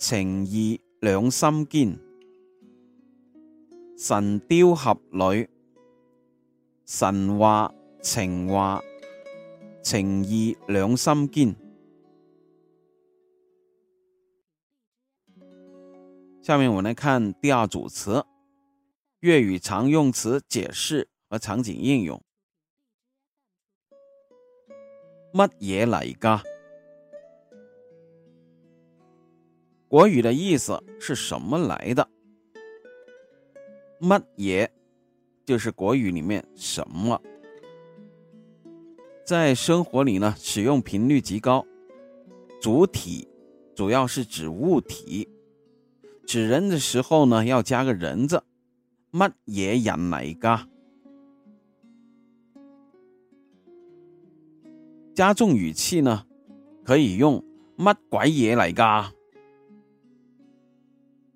情義兩心堅，神雕俠侶，神話情話，情義兩心堅。下面我們嚟看第二組詞，粵語常用詞解釋和場景應用。乜嘢嚟咖？國語的意思是什麼來的？乜嘢，就是國語裏面什麼，在生活裏呢使用頻率極高。主體主要是指物體，指人的時候呢要加個人字。乜嘢人嚟噶？加重語氣呢，可以用乜鬼嘢嚟噶。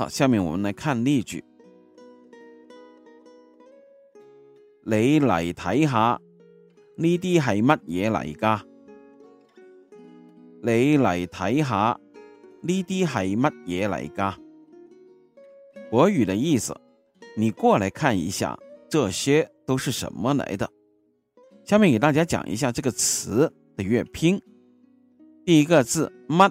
好，下面我們嚟看例句。你嚟睇下呢啲係乜嘢嚟噶？你嚟睇下呢啲係乜嘢嚟噶？國語的意思，你過來看一下，這些都是什麼嚟的？下面給大家講一下這個詞的粵拼。第一個字“乜”。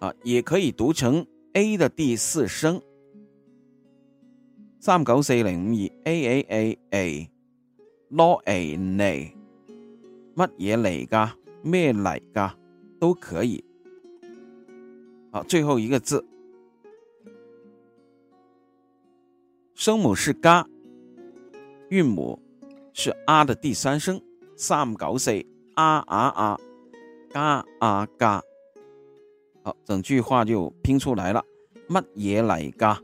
啊，也可以讀成 a 的第四聲，三九四零五二 a a a a，羅誒內，乜嘢嚟噶？咩嚟噶？都可以。好，最後一個字，聲母是加，韻母是 a 的第三聲，三九四 a a a，加啊加。家好，整句話就拼出來了。乜嘢嚟咖？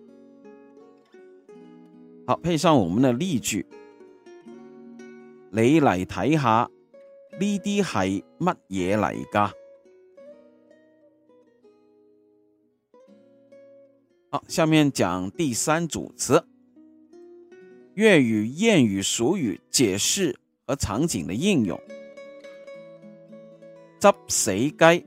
好，配上我們的例句，你嚟睇下，呢啲係乜嘢嚟咖？好，下面講第三組詞，粵語諺語俗語解釋和場景的應用。執死雞。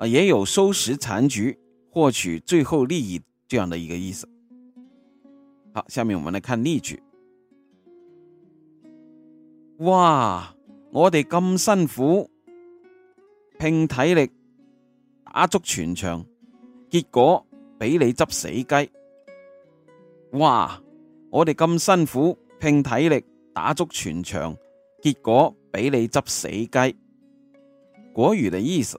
啊，也有收拾殘局、獲取最後利益這樣的一個意思。好，下面我們來看例句。哇，我哋咁辛苦拼體力打足全場，結果俾你執死雞。哇，我哋咁辛苦拼體力打足全場，結果俾你執死雞。國語的意思。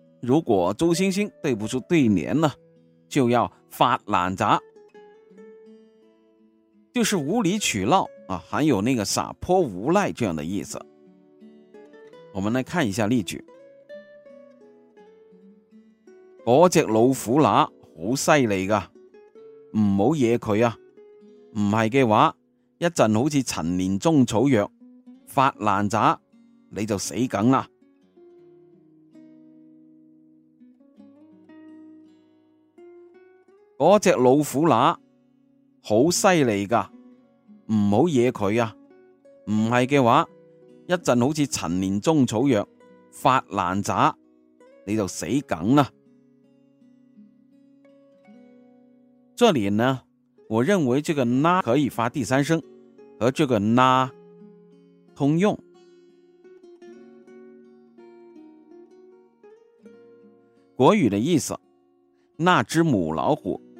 如果周星星對唔住對聯呢，就要發爛渣，就是無理取鬧啊，還有那個撒潑無賴這樣的意思。我們來看一下例句：嗰隻老虎乸好犀利噶，唔好惹佢啊！唔係嘅話，一陣好似陳年中草藥發爛渣你就死梗啦。嗰隻老虎乸好犀利噶，唔好惹佢啊！唔係嘅話，一陣好似陳年中草藥發爛渣，你就死梗啦。這裏呢，我認為這個啦可以發第三聲，和這個啦通用。國語的意思，那隻母老虎。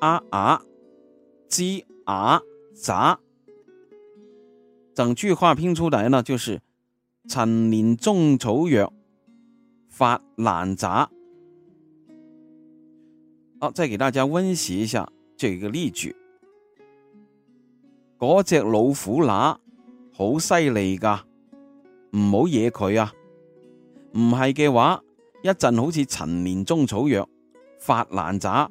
啊啊，雞啊咋？整句話拼出嚟呢，就是陳年中草藥發爛渣。好、啊，再給大家温習一下這個例句。嗰隻老虎乸好犀利噶，唔好惹佢啊！唔係嘅話，一陣好似陳年中草藥發爛渣。